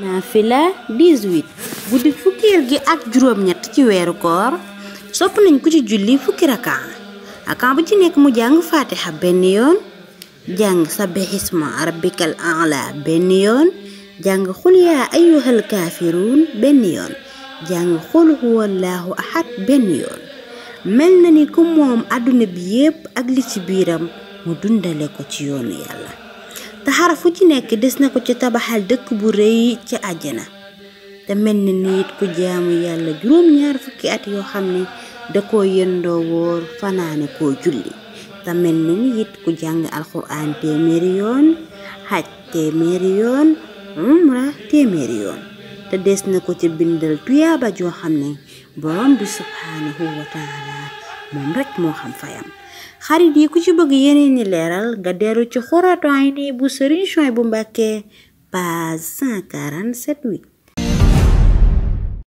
naafila 18 guddi fukkeel gi ak juróom-ñett ci weeru koor sopp nañ ko ci julli fukki rakan bu ci nekk mu jàng faatixa benn yoon jàng sabbihisma rabbikal a'la benn yoon jàng xul yaa ayyuhal benn yoon jàng xul huwallaahu ahad benn yoon mel ni ku moom àdduna bi yépp ak li ci biiram mu dundale ko ci yoonu yàlla te xarafu ci nekk des na ko ci tabaxal dëkk bu rëy ci àjjana te mel na nit ku jaamu yàlla juróom-ñaar fukki at yoo xam ne da koo yëndoo wóor fanaane koo julli te mel na ni ku jàng alxuraan téeméeri yoon xaj téeméeri yoon umra téeméeri yoon te des na ko ci bindal tuyaaba joo xam ne borom bi subhaanahu wa moom rek moo xam fayam xarit yi ku ci bëgg yeneen ni leeral nga dellu ci xuraatu ayni bu Serigne Souhaïbou bu Mbàkke page 147 wi